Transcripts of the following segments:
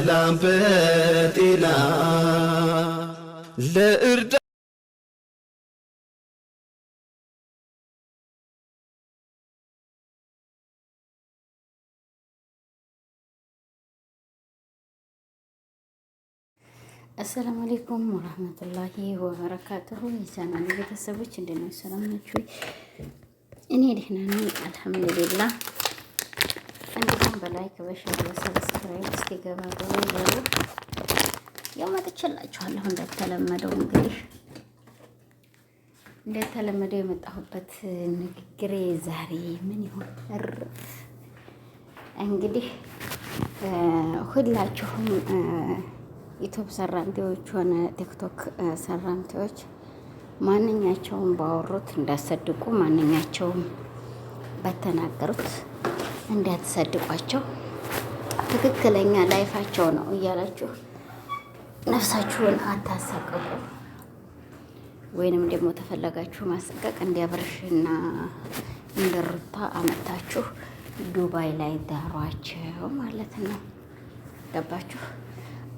በሰላም በጤና ለእርዳ አሰላሙ አሌይኩም ወረህመቱላሂ ወበረካቱሁ የቻናል ቤተሰቦች እንደምን ሰላም ናችሁ? እኔ ደህና ነኝ፣ አልሐምዱሊላህ እንዲሁም በላይክ በሸር በሰብስክራይብ እስኪገባ ገባ ገባ ያው መጥቼላችኋለሁ እንደተለመደው እንግዲህ እንደተለመደው የመጣሁበት ንግግሬ ዛሬ ምን ይሆን እንግዲህ ሁላችሁም ዩቱብ ሰራንቴዎች ሆነ ቲክቶክ ሰራንቴዎች ማንኛቸውም ባወሩት እንዳሰድቁ ማንኛቸውም በተናገሩት እንዳትሰድቋቸው ትክክለኛ ላይፋቸው ነው እያላችሁ ነፍሳችሁን አታሳቀቁ። ወይንም ደግሞ ተፈለጋችሁ ማሰቀቅ እንዲያብርሽና እንድሩታ አመታችሁ ዱባይ ላይ ዳሯቸው ማለት ነው። ገባችሁ?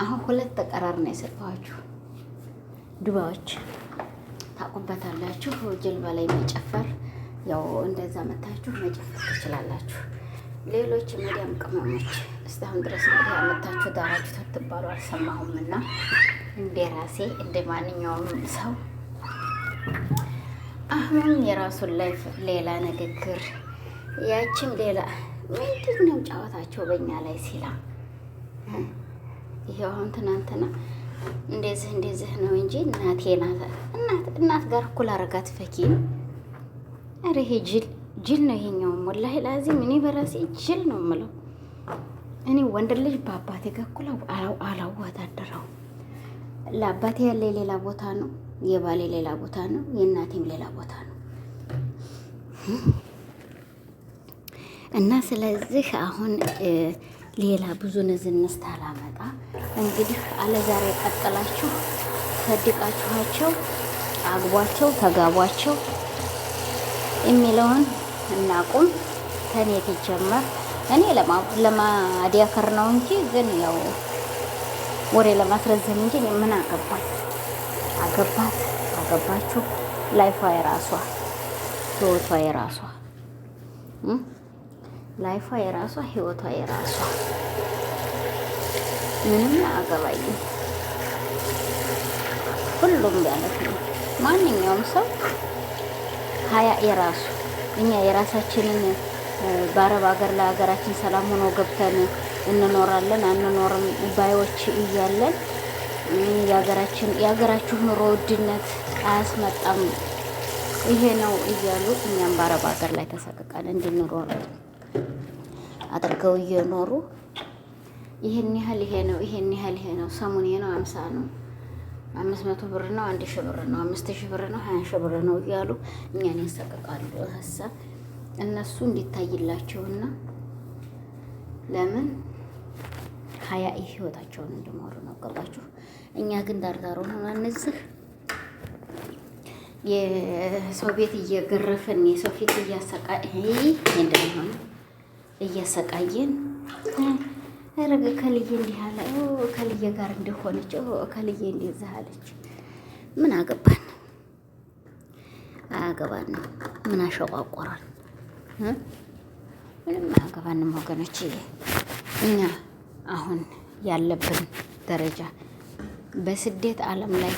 አሁን ሁለት ተቀራር ነው የሰጠኋችሁ። ዱባዮች ታቁበታላችሁ። ጀልባ ላይ መጨፈር ያው እንደዛ መታችሁ መጨፈር ትችላላችሁ። ሌሎች መዲያም ቅመሞች እስካሁን ድረስ እንግዲህ አመታችሁ ዳራችሁ ትትባሉ አልሰማሁም እና እንደ ራሴ እንደ ማንኛውም ሰው አሁን የራሱን ላይፍ ሌላ ንግግር ያችም ሌላ ምንድን ነው ጨዋታቸው በእኛ ላይ ሲላ ይሄ አሁን ትናንትና እንደዚህ እንደዚህ ነው እንጂ እናቴ ናት እናት ጋር እኩል አረጋት ፈኪ ኧረ ይሄ ጅል ጅል ነው ይሄኛውም። ወላሂ ላዚም እኔ በራሴ ጅል ነው የምለው። እኔ ወንድ ልጅ በአባቴ ገኩላ አላወዳደረው። ለአባቴ ያለ ሌላ ቦታ ነው፣ የባሌ ሌላ ቦታ ነው፣ የእናቴም ሌላ ቦታ ነው። እና ስለዚህ አሁን ሌላ ብዙ ንዝንዝ ታላመጣ እንግዲህ አለዛሬ ቀጥላችሁ ሰድቃችኋቸው አግቧቸው ተጋቧቸው የሚለውን እናቁም ከኔ ይጀመር። እኔ ለማዲያከር ነው እንጂ ግን ያው ወሬ ለማስረዘም እንጂ ምን አገባኝ አገባት አገባችሁ ላይፏ የራሷ ህይወቷ የራሷ ላይፏ የራሷ ህይወቷ የራሷ ምንም አገባኝም። ሁሉም ማለት ነው ማንኛውም ሰው ሀያ የራሱ እኛ የራሳችንን በአረብ ሀገር ላይ ሀገራችን ሰላም ሆኖ ገብተን እንኖራለን አንኖርም ባዮች እያለን የሀገራችን የሀገራችሁ ኑሮ ውድነት አያስመጣም ይሄ ነው እያሉ እኛም በአረብ ሀገር ላይ ተሰቅቀን እንድንኖር አድርገው እየኖሩ ይሄን ያህል ይሄ ነው፣ ይሄን ያህል ይሄ ነው፣ ሰሙን ይሄ ነው፣ አምሳ ነው አምስት መቶ ብር ነው፣ አንድ ሺህ ብር ነው፣ አምስት ሺህ ብር ነው፣ ሀያ ሺህ ብር ነው እያሉ እኛን ያሰቅቃሉ። ሀሳብ እነሱ እንዲታይላቸውና ለምን ሀያ ይህ ህይወታቸውን እንዲሞሩ ነው። ገባችሁ? እኛ ግን ዳርዳሩን ሆና እነዚህ የሰው ቤት እየገረፍን የሰው ፊት እያሰቃ ይሄ እንደሆነ እያሰቃየን ረገ ከልዬ እንዲህ አለ፣ ከልዬ ጋር እንደሆነች፣ ከልዬ እንደዛ አለች። ምን አገባን? አያገባን። ምን አሸቋቆራል? ምንም አያገባንም ወገኖች። እኛ አሁን ያለብን ደረጃ በስደት ዓለም ላይ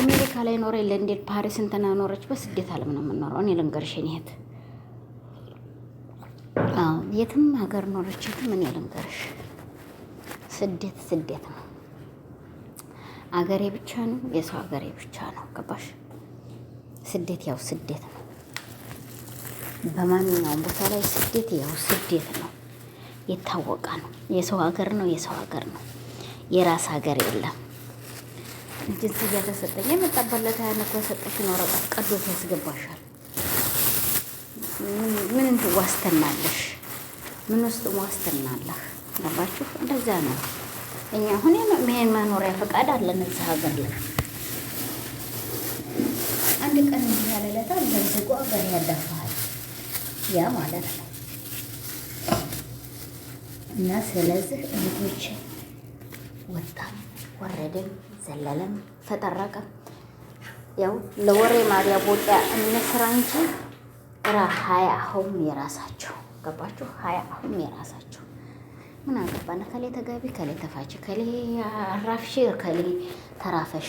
አሜሪካ ላይ ኖረ የለ እንዴት ፓሪስ እንትና ኖረች። በስደት ዓለም ነው የምንኖረው። እኔ ልንገርሽን ይሄት የትም ሀገር ኖረች የትም እኔ ልንገርሽ ስደት ስደት ነው። አገሬ ብቻ ነው የሰው አገሬ ብቻ ነው። ገባሽ? ስደት ያው ስደት ነው። በማንኛውም ቦታ ላይ ስደት ያው ስደት ነው። የታወቀ ነው። የሰው ሀገር ነው። የሰው ሀገር ነው። የራስ ሀገር የለም። ጅንስ እያተሰጠኝ የመጣባለት ያነት ተሰጠሽን ወረቀት ቀዶት ያስገባሻል። ምን ዋስትናለሽ? ምን ውስጥ ዋስትናለህ? ገባችሁ? እንደዛ ነው። እኛ አሁን ይሄን መኖሪያ ፈቃድ አለን እዚህ ሀገር ላይ አንድ ቀን እንዲህ ያለ ዕለት ዘንዝቆ ሀገር ያዳፋል ያ ማለት ነው። እና ስለዚህ እህቶች ወጣም ወረደም ዘለለም ፈጠረቀም ያው ለወሬ ማሪያ ቦጫ እንስራ እንጂ ራ ሀያ አሁም የራሳቸው ገባችሁ? ሀያ አሁም የራሳቸው ምን አገባና ከሌ ተጋቢ ከሌ ተፋች ከሌ አራፍሽ ከሌ ተራፈሽ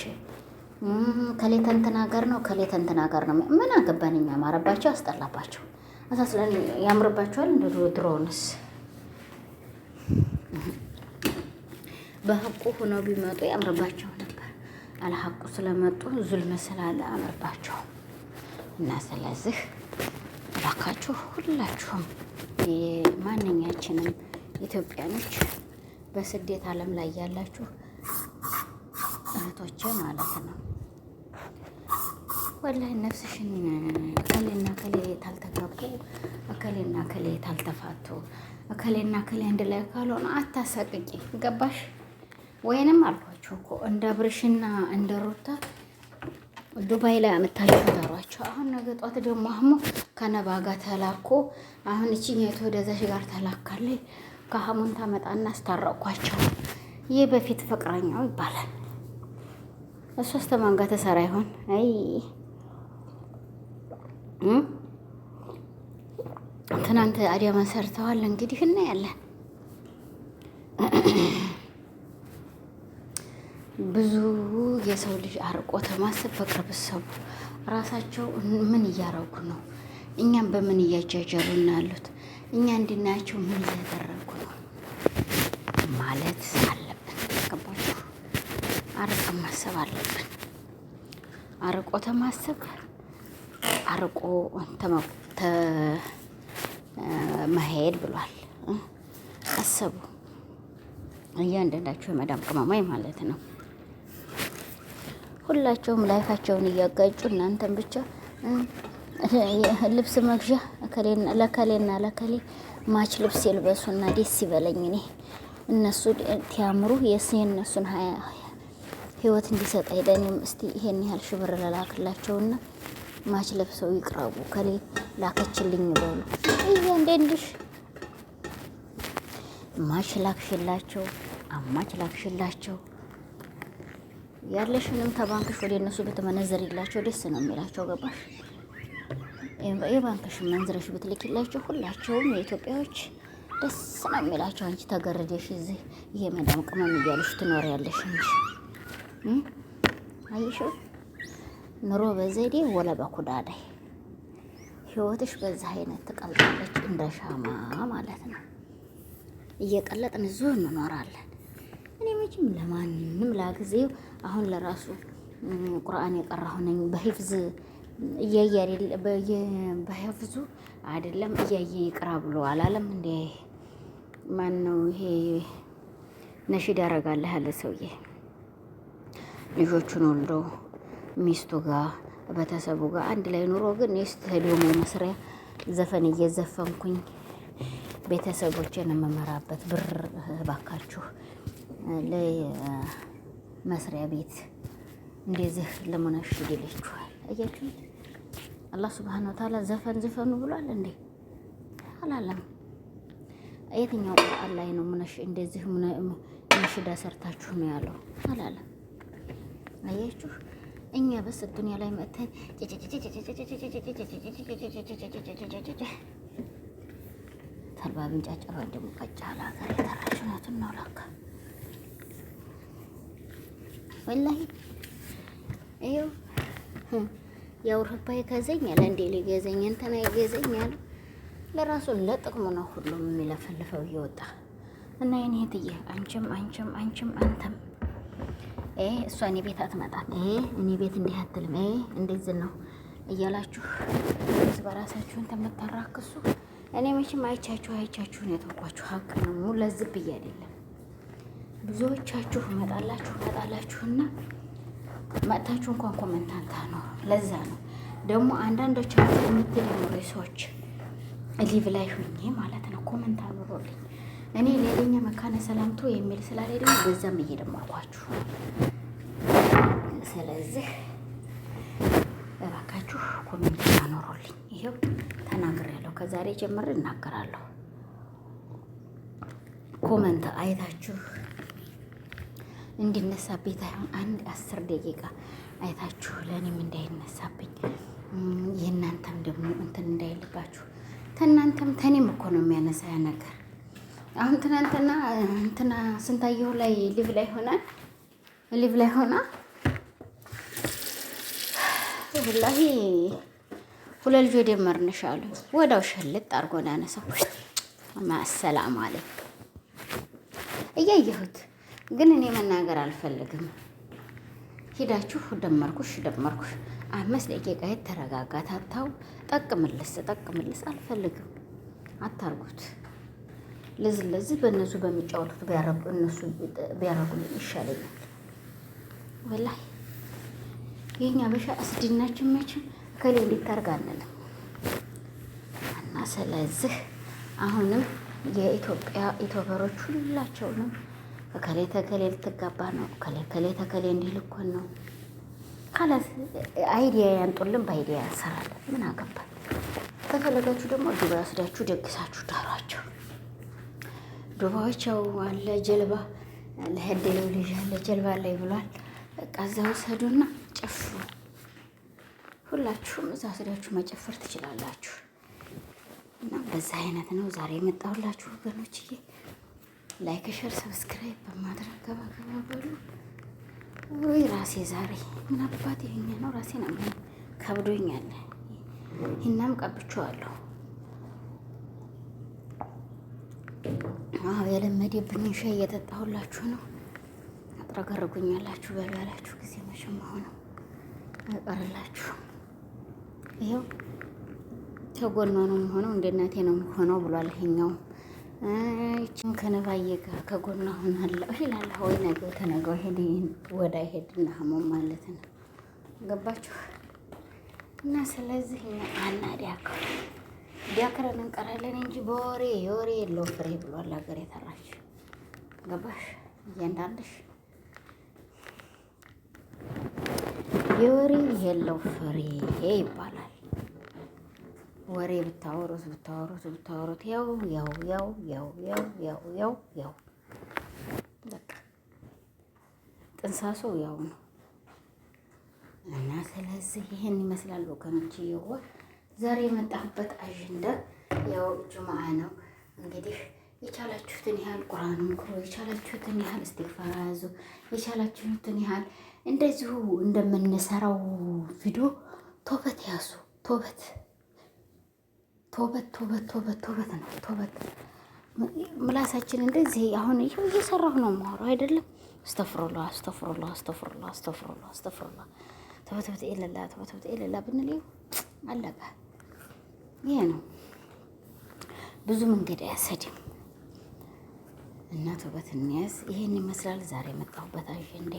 ከሌ ተንትና ጋር ነው ከሌ ተንትና ነው። ምን አገባን እኛ። አማረባቸው፣ አስጠላባቸው፣ አሳስለን ያምርባቸዋል። እንደ ድሮውንስ በሀቁ ሆነው ቢመጡ ያምርባቸው ነበር። አልሀቁ ስለመጡ ዙልም ስላለ አምርባቸው እና ስለዚህ እባካችሁ ሁላችሁም ማንኛችንም ኢትዮጵያኖች በስደት ዓለም ላይ ያላችሁ እህቶቼ ማለት ነው። ወላሂ ነፍስሽን እከሌና እከሌ ታልተጋቡ እከሌና እከሌ ታልተፋቱ እከሌና እከሌ አንድ ላይ ካልሆነ አታሳቅቂ። ገባሽ ወይንም አልኳችሁ እኮ እንደ ብርሽና እንደ ሩታ ዱባይ ላይ አመታችሁ ተሯቸው። አሁን ነገ ጧት ደግሞ አህሙ ከነባ ጋር ተላኮ አሁን እቺ የት ወደዛሽ ጋር ተላካለች ከሀሙን ታመጣና አስታረቋቸው። ይህ በፊት ፍቅረኛው ይባላል። እሷ አስተማን ጋር ተሰራ ይሆን? አይ ትናንት አዲያማን ሰርተዋል። እንግዲህ እናያለን። ብዙ የሰው ልጅ አርቆ ተማስብ በቅርብ ሰው ራሳቸው ምን እያረጉ ነው? እኛም በምን እያጃጀሩ እናሉት? እኛ እንድናያቸው ምን እያደረጉ ማለት አለብን። ገባችሁ? አርቀን ማሰብ አለብን። አርቆ ተማሰብ አርቆ መሄድ ብሏል። አሰቡ እያንዳንዳችሁ የመዳም ቅመማይ ማለት ነው። ሁላቸውም ላይፋቸውን እያጋጩ እናንተም ብቻ ልብስ መግዣ ለከሌና ለከሌ ማች ልብስ የልበሱና ደስ ይበለኝ እኔ እነሱ ቲያምሩ የስ የእነሱን ህይወት እንዲሰጥ አይደለም። እስቲ ይሄን ያህል ሽብር ብር ለላክላቸውና ማች ለብሰው ይቅረቡ። ከሌ ላከችልኝ በሉ። እያንዳንድሽ ማች ላክሽላቸው፣ አማች ላክሽላቸው ያለሽንም ተባንክሽ ወደ እነሱ ብትመነዘሪላቸው ደስ ነው የሚላቸው። ገባሽ? የባንክሽ መንዝረሽ ብትልክላቸው ሁላቸውም የኢትዮጵያዎች ደስ ነው የሚላቸው። አንቺ ተገረደሽ እዚህ ይሄ መዳም ቅመም እያለሽ ያለሽ እንጂ አየሽው። ኑሮ በዘዴ ወለ በኩዳዳይ ህይወትሽ በዛ አይነት ትቀልጣለች፣ እንደ ሻማ ማለት ነው። እየቀለጥን እዚሁ እንኖራለን። እኔ መቼም ለማንም ላጊዜው አሁን ለራሱ ቁርአን የቀራሁ ነኝ በሂፍዝ እያያል በሂፍዙ አይደለም እያየ ይቅራ ብሎ አላለም። እንደ ማን ነው ይሄ ነሽድ ያደርጋለህ ያለ ሰውዬ ልጆቹን ወልዶ ሚስቱ ጋር ቤተሰቡ ጋር አንድ ላይ ኑሮ ግን የስታዲየሙ መስሪያ ዘፈን እየዘፈንኩኝ ቤተሰቦችን የምመራበት ብር ባካችሁ ለመስሪያ ቤት እንደዚህ ለመናሽድ ይለችኋል። አያችሁት? አላህ ስብሐነ ወተዓላ ዘፈን ዘፈኑ ብሏል እንዴ? አላለም። የትኛው ቁርአን ላይ ነው ምነሽ እንደዚህ ነሽዳ ሰርታችሁ ነው ያለው? አላለም። አያችሁ እኛ በስ ዱንያ ላይ መጥተን ተልባ ብንጫጨባ ደግሞ ቀጫ ለሀገር የተራሽነትን ነው ላካ ወላሂ ይኸው የአውሮፓ ይገዛኛል እንዴ ሊገዛኝ እንትና ይገዛኛል። ለራሱ ለጥቅሙ ነው ሁሉም የሚለፈልፈው እየወጣ እና የኔ እህትዬ አንቺም አንቺም አንቺም አንተም እሷ እኔ ቤት አትመጣም፣ እኔ ቤት እንዲህ አትልም፣ እንደዚህ ነው እያላችሁ እርስ በራሳችሁን ተምታራክሱ። እኔ መቼም አይቻችሁ አይቻችሁ ነው የተውኳችሁ። ሀቅ ነው ለዝብ ብዬ አይደለም ብዙዎቻችሁ መጣላችሁ መጣላችሁና መጥታችሁ እንኳን አንታ ነው። ለዛ ነው ደግሞ አንዳንዶች የምትል የኖረ ሰዎች ሊቭ ላይ ሁኜ ማለት ነው ኮመንት አኑሮልኝ እኔ ሌለኛ መካነ ሰላምቶ የሚል ደግሞ በዛም እየደመርኳችሁ ስለዚህ እባካችሁ ኮሜንት አኖሮልኝ ይሄው ተናግሬያለሁ። ከዛሬ ጀምር እናገራለሁ። ኮመንት አይታችሁ እንዲነሳብኝ ታይሆን አንድ አስር ደቂቃ አይታችሁ ለእኔም እንዳይነሳብኝ የእናንተም ደግሞ እንትን እንዳይልባችሁ። ተናንተም ተኔም እኮ ነው የሚያነሳ ያ ነገር። አሁን ትናንትና እንትና ስንታየሁ ላይ ሊቭ ላይ ሆናል ሊቭ ላይ ሆና ወላሂ ሁለት ልጆ ደመርንሽ አሉ። ወዳው ሸልጥ ያነሳው። ማሰላም እያየሁት ግን እኔ መናገር አልፈልግም። ሂዳችሁ ደመርኩሽ ደመርኩሽ አምስት ደቂቃ የት ተረጋጋ ታታው ጠቅምልስ ጠቅምልስ አልፈልግም። አታርጉት። ለዚ ለዚህ በእነሱ በሚጫወቱት እነሱ ቢያረጉልኝ ይሻለኛል። ወላሂ የኛ በሻ እስድናችን መቼም ከሌ እንዲታርግ አንልም እና ስለዚህ አሁንም የኢትዮጵያ ኢትዮበሮች ሁላቸውንም እከሌ ተከሌ ልትጋባ ነው፣ እከሌ ከሌ ተከሌ እንዲህ ልኮን ነው። ካላስ አይዲያ ያንጡልን፣ በአይዲያ ያሰራል ምን አገባል? ከፈለጋችሁ ደግሞ ዱባ ወስዳችሁ ደግሳችሁ ዳሯቸው። ዱባዎቸው አለ ጀልባ ለህደለው ልጅ አለ ጀልባ ላይ ብሏል። በቃ እዛ ውሰዱና ጨፍሩ። ሁላችሁም እዛ ወስዳችሁ መጨፈር ትችላላችሁ። እና በዛ አይነት ነው ዛሬ የመጣሁላችሁ ወገኖችዬ። ላይክ ሸር ሰብስክራይብ በማድረግ ገባገባ በሉ። ውይ ራሴ ዛሬ ምን አባት ይሄኛ ነው ራሴ ነው ከብዶኛል። እናም ቀብቼዋለሁ። አዎ የለመደብኝ ሻይ እየጠጣሁላችሁ ነው። አጥረገርጉኛላችሁ በሉ ያላችሁ ጊዜ መቼም ሆነው አይቀርላችሁ። ይኸው ከጎኗ ነው የምሆነው፣ እንደ እናቴ ነው የምሆነው ብሏል ይሄኛው አይችም ከነባዬ ጋር ከጎና ሆናለሁ ይላል። ወይ ነገ ተነገ ሄድ ወደ ሄድና ህሞም ማለት ነው ገባችሁ? እና ስለዚህ አና ዲያክር ዲያክረን እንቀራለን እንጂ በወሬ የወሬ የለው ፍሬ ብሏል ሀገር የተራች ገባሽ? እያንዳንድሽ የወሬ የለው ፍሬ ይባላል። ወሬ ብታወሩት ብታወሩት ብታወሩት ያው ያው ያው ያው ያው ያው ያው ያው በቃ ጥንሳሱ ያው ነው እና ስለዚህ ይህን ይመስላል ወገኖች። ይዋ ዛሬ የመጣሁበት አጀንዳ ያው ጁምዓ ነው። እንግዲህ የቻላችሁትን ያህል ቁርአን ምክሩ፣ የቻላችሁትን ያህል እስቲግፋር ያዙ፣ የቻላችሁትን ያህል እንደዚሁ እንደምንሰራው ቪዲዮ ቶበት ያዙ ቶበት ቶበት ቶበት ቶበት ቶበት ነው ቶበት ምላሳችን እንደዚህ አሁን ይኸው እየሰራሁ ነው የማወራው አይደለም። አስተፍሮላ አስተፍሮላ አስተፍሮላ አስተፍሮላ አስተፍሮላ ተበተበተ ኢለላ ተበተበተ ኢለላ ብንል አለቀ። ይሄ ነው ብዙ መንገድ አያሰድም እና ተውበት እንያዝ። ይሄን ይመስላል ዛሬ የመጣሁበት አጀንዳ።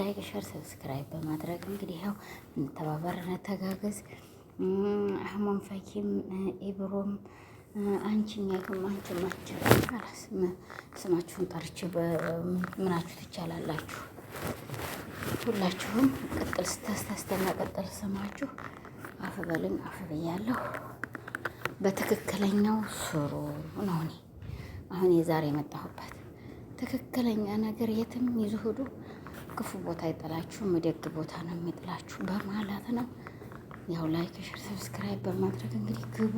ላይክ ሸር፣ ሰብስክራይብ በማድረግ እንግዲህ ያው እንተባበር፣ እንተጋገዝ። አህሞን ፈኪም ኢብሮም አንቺን ያግም አንቺ ማቸው ስማችሁን ጠርቼ ምናችሁ ትቻላላችሁ። ሁላችሁም ቅጥል ስተስተስተና ቅጥል ስማችሁ አፍ በሉኝ በትክክለኛው ስሩ ነው። እኔ አሁን የዛሬ የመጣሁበት ትክክለኛ ነገር የትም ይዞ ሂዱ። ክፉ ቦታ አይጥላችሁም፣ ደግ ቦታ ነው የሚጥላችሁ በማለት ነው። ያው ላይክ፣ ሼር፣ ሰብስክራይብ በማድረግ እንግዲህ ግቡ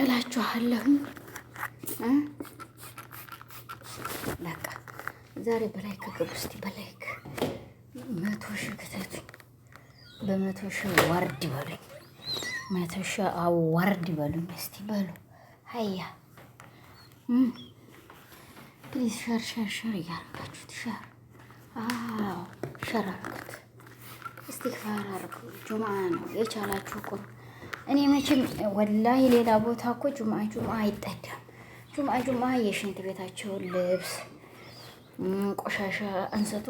እላችኋለሁ። በቃ ዛሬ በላይክ ግቡ እስኪ በላይክ መቶ ሺ ክተቱ፣ በመቶ ሺ ወርድ ይበሉኝ፣ መቶ ሺህ አዋርድ ይበሉኝ። እስቲ በሉ ሀያ ፕሊዝ ሸር ሸር ሸር እያረጋችሁት ሸር ሸር አርጉት። እስቲክፋር አርጉ። ጁምአ ነው የቻላችሁ ቁሩ። እኔ መቼም ወላሂ ሌላ ቦታ እኮ ጁምአ ጁምአ አይጠዳም። ጁምአ ጁምአ የሽንት ቤታቸውን ልብስ ቆሻሻ አንስቶ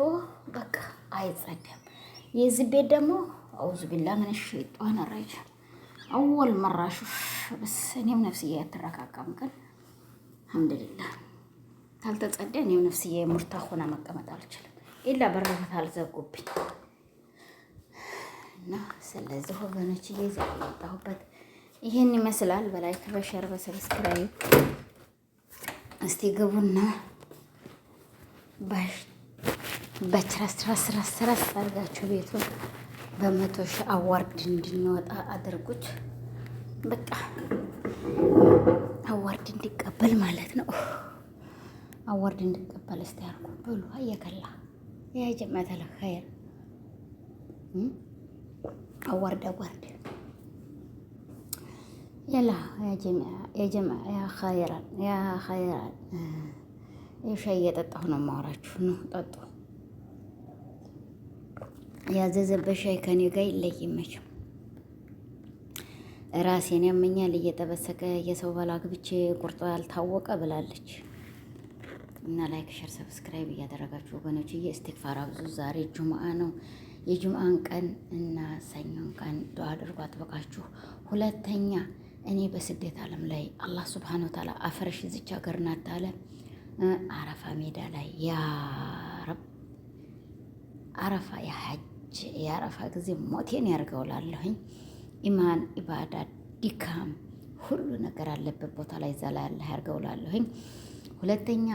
በቃ አይጸዳም። የዚህ ቤት ደግሞ አውዙ ቢላ ምን ሸይጧን አራጅ አወል መራሹሽ በስ እኔም ነፍስዬ አትረካካም። ግን አልሐምዱሊላህ ካልተጸዳ እኔም ነፍስዬ ሙርታ ሆና መቀመጥ አልችልም። ኢላ በረፈት አልዘጉብኝ እና ስለዚህ ወገኖች እየዛ የመጣሁበት ይህን ይመስላል። በላይክ በሸር በሰብስክራይብ እስቲ ግቡና በችረስረስረስረስ አድርጋችሁ ቤቱን በመቶ ሺህ አዋርድ እንድንወጣ አድርጉት። በቃ አዋርድ እንዲቀበል ማለት ነው። አዋርድ እንዲቀበል እስቲ አድርጉ ብሉ አየከላ ያ ጀመተል ኸይር አዋርድ አዋርድ ያላ ያ ኸይራን ያ ኸይራን ሻይ እየጠጣሁ ነው የማወራችሁ ነው። ጠጡ ያዘዘበት ሻይ ከኔ ጋር ይለይ መቼም ራሴን ያመኛል እየጠበሰከ የሰው በላግብቼ ቁርጦ ያልታወቀ ብላለች። እና ላይክ ሸር ሰብስክራይብ እያደረጋችሁ ወገኖች፣ እስቲክፋር አብዙ። ዛሬ ጁምአ ነው። የጁምአን ቀን እና ሰኞን ቀን ዱዓ አድርጎ አጥብቃችሁ። ሁለተኛ እኔ በስደት ዓለም ላይ አላህ ስብሐነሁ ወተዓላ አፈረሽ ዝች ሀገር ናት አለ አረፋ ሜዳ ላይ ያረብ አረፋ የሐጅ የአረፋ ጊዜ ሞቴን ያርገውላለሁኝ። ኢማን ኢባዳ፣ ዲካም ሁሉ ነገር አለበት ቦታ ላይ እዛ ላይ ያለ ያርገውላለሁኝ። ሁለተኛ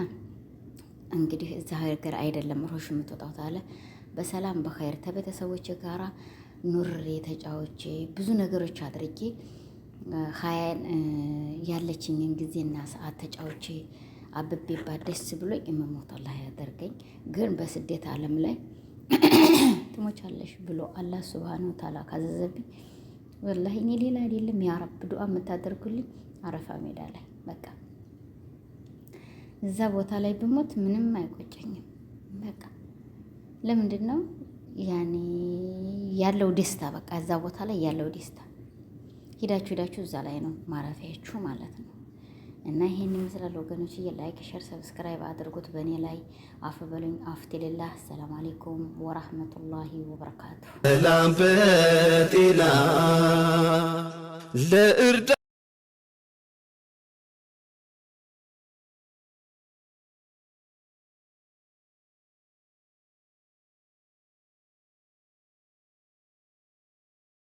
እንግዲህ እዛ ሀገር አይደለም ሮሽ የምትወጣው ታለ በሰላም በኸይር ከቤተሰቦች ጋራ ኑሬ ተጫዎቼ ብዙ ነገሮች አድርጌ ሀያን ያለችኝን ጊዜና ሰዓት ተጫዎቼ አብቤባት ደስ ብሎ የመሞት አላህ ያደርገኝ። ግን በስደት ዓለም ላይ ትሞቻለሽ ብሎ አላህ ሱብሃነሁ ወተዓላ ካዘዘብኝ ወላሂ እኔ ሌላ አይደለም ያ ረብ የምታደርጉልኝ አረፋ ሜዳ ላይ በቃ እዛ ቦታ ላይ ብሞት ምንም አይቆጨኝም። በቃ ለምንድን ነው ያኔ ያለው ደስታ በቃ እዛ ቦታ ላይ ያለው ደስታ ሂዳችሁ ሂዳችሁ እዛ ላይ ነው ማረፊያችሁ ማለት ነው። እና ይሄን ይመስላል ወገኖች፣ ላይክ ሸር ሰብስክራይብ አድርጉት። በእኔ ላይ አፍ በሉኝ። አፍቴሌላ ሰላም አሌይኩም ወራህመቱላሂ ወበረካቱ። ሰላም በጤና ለእርዳ